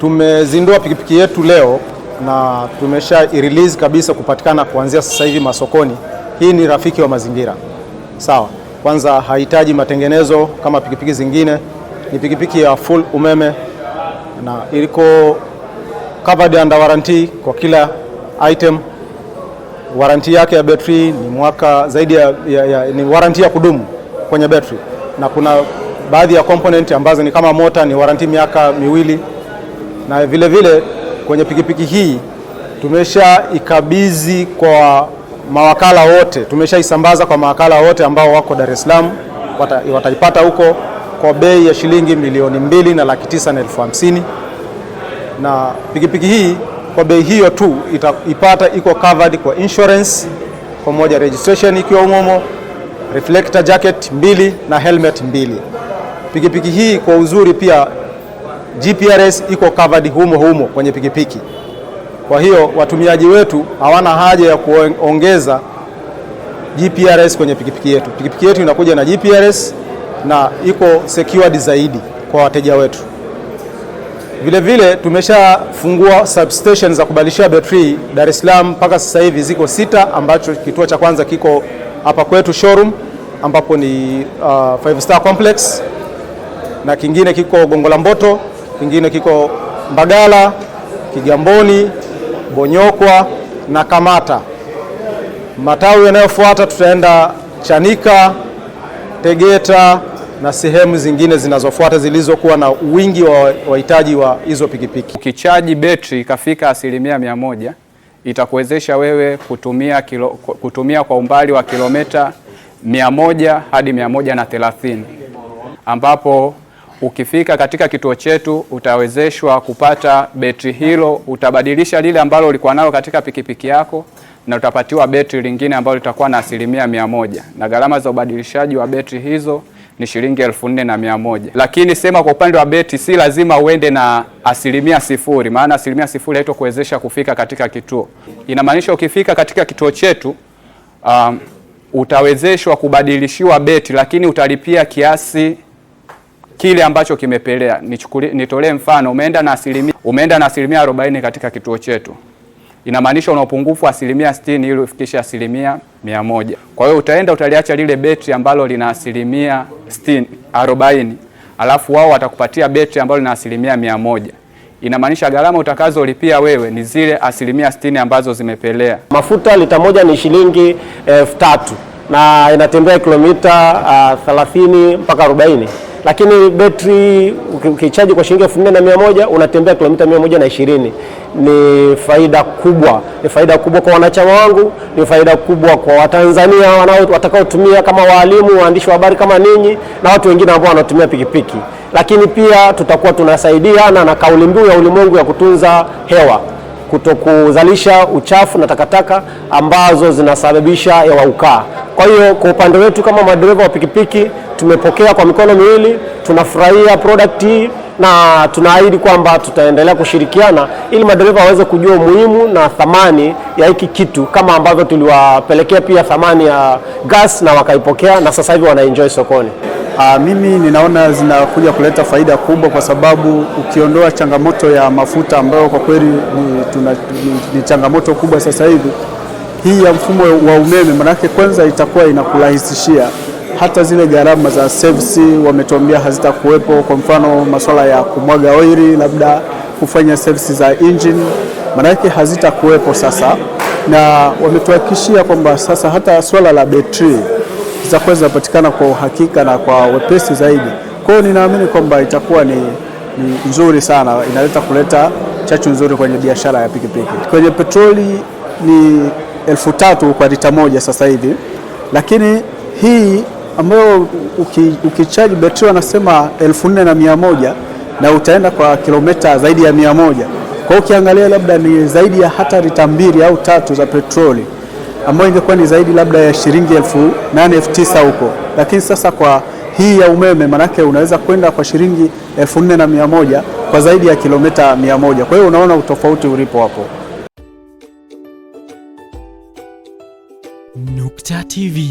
Tumezindua pikipiki yetu leo na tumesha release kabisa kupatikana kuanzia sasa hivi masokoni. Hii ni rafiki wa mazingira. Sawa, kwanza hahitaji matengenezo kama pikipiki zingine, ni pikipiki ya full umeme na iliko covered under warranty kwa kila item. Warranty yake ya battery ni mwaka zaidi ya, ya, ya, ni warranty ya kudumu kwenye battery, na kuna baadhi ya component ambazo ni kama mota ni warranty miaka miwili na vilevile vile, kwenye pikipiki hii tumeshaikabidhi kwa mawakala wote, tumeshaisambaza kwa mawakala wote ambao wako Dar es Salaam, wataipata huko kwa bei ya shilingi milioni mbili na laki tisa na elfu hamsini na pikipiki hii kwa bei hiyo tu itaipata, iko covered kwa insurance pamoja registration ikiwa umomo, reflector jacket mbili na helmet mbili. Pikipiki hii kwa uzuri pia GPRS iko covered humo humo kwenye pikipiki. Kwa hiyo watumiaji wetu hawana haja ya kuongeza GPRS kwenye pikipiki yetu. Pikipiki yetu inakuja na GPRS na iko secured zaidi kwa wateja wetu. Vilevile tumeshafungua substation za kubadilishia betri Dar es Salaam mpaka sasa hivi ziko sita, ambacho kituo cha kwanza kiko hapa kwetu showroom ambapo ni uh, Five Star Complex na kingine kiko Gongo la Mboto kingine kiko Mbagala, Kigamboni, Bonyokwa na Kamata. Matawi yanayofuata tutaenda Chanika, Tegeta na sehemu zingine zinazofuata zilizokuwa na wingi wa wahitaji wa hizo pikipiki. Ukichaji betri ikafika asilimia mia moja itakuwezesha wewe kutumia, kilo, kutumia kwa umbali wa kilomita mia moja hadi mia moja na thelathini ambapo Ukifika katika kituo chetu utawezeshwa kupata betri hilo, utabadilisha lile ambalo ulikuwa nalo katika pikipiki yako na utapatiwa betri lingine ambalo litakuwa na asilimia mia moja na gharama za ubadilishaji wa betri hizo ni shilingi elfu nne na mia moja. Lakini sema kwa upande wa beti si lazima uende na asilimia sifuri, maana asilimia sifuri haitokuwezesha kufika katika kituo. Inamaanisha ukifika katika kituo chetu um, utawezeshwa kubadilishiwa beti, lakini utalipia kiasi kile ambacho kimepelea. Nitolee mfano, umeenda na asilimia umeenda na asilimia 40 katika kituo chetu, inamaanisha una upungufu wa asilimia 60 ili ufikishe asilimia 100. Kwa hiyo utaenda utaliacha lile betri ambalo lina asilimia 60 40, alafu wao watakupatia betri ambalo lina asilimia 100 inamaanisha gharama utakazolipia wewe ni zile asilimia 60 ambazo zimepelea. Mafuta lita moja ni shilingi elfu eh, tatu na inatembea kilomita uh, ah, 30 mpaka 40 lakini betri ukichaji kwa shilingi elfu nne na mia moja unatembea kilomita mia moja na ishirini. Ni faida kubwa, ni faida kubwa kwa wanachama wangu, ni faida kubwa kwa Watanzania watakaotumia kama waalimu, waandishi wa habari kama ninyi na watu wengine ambao wanatumia pikipiki. Lakini pia tutakuwa tunasaidiana na kauli mbiu ya ulimwengu ya kutunza hewa kuto kuzalisha uchafu na takataka ambazo zinasababisha hewa ukaa. Kwa hiyo kwa upande wetu kama madereva wa pikipiki tumepokea kwa mikono miwili, tunafurahia product hii na tunaahidi kwamba tutaendelea kushirikiana ili madereva waweze kujua umuhimu na thamani ya hiki kitu, kama ambavyo tuliwapelekea pia thamani ya gas na wakaipokea, na sasa hivi wanaenjoy sokoni. Aa, ah, mimi ninaona zinakuja kuleta faida kubwa kwa sababu ukiondoa changamoto ya mafuta ambayo kwa kweli ni, tuna, ni, ni changamoto kubwa sasa hivi, hii ya mfumo wa umeme, manake kwanza itakuwa inakurahisishia hata zile gharama za service wametuambia hazitakuwepo. Kwa mfano masuala ya kumwaga oili, labda kufanya service za engine, maanake hazitakuwepo sasa, na wametuhakikishia kwamba sasa hata swala la betri zitakuwa zinapatikana kwa uhakika na kwa wepesi zaidi. Kwa hiyo ninaamini kwamba itakuwa ni, ni nzuri sana, inaleta kuleta chachu nzuri kwenye biashara ya pikipiki. Kwenye petroli ni elfu tatu kwa lita moja sasa hivi, lakini hii ambayo ukichaji uki betri wanasema elfu nne na mia moja na utaenda kwa kilomita zaidi ya mia moja kwa ukiangalia labda ni zaidi ya hata lita mbili au tatu za petroli ambayo ingekuwa ni zaidi labda ya shilingi elfu nane elfu tisa huko, lakini sasa kwa hii ya umeme manake unaweza kwenda kwa shilingi elfu nne na mia moja kwa zaidi ya kilomita mia moja. Kwa hiyo unaona utofauti ulipo hapo. Nukta TV.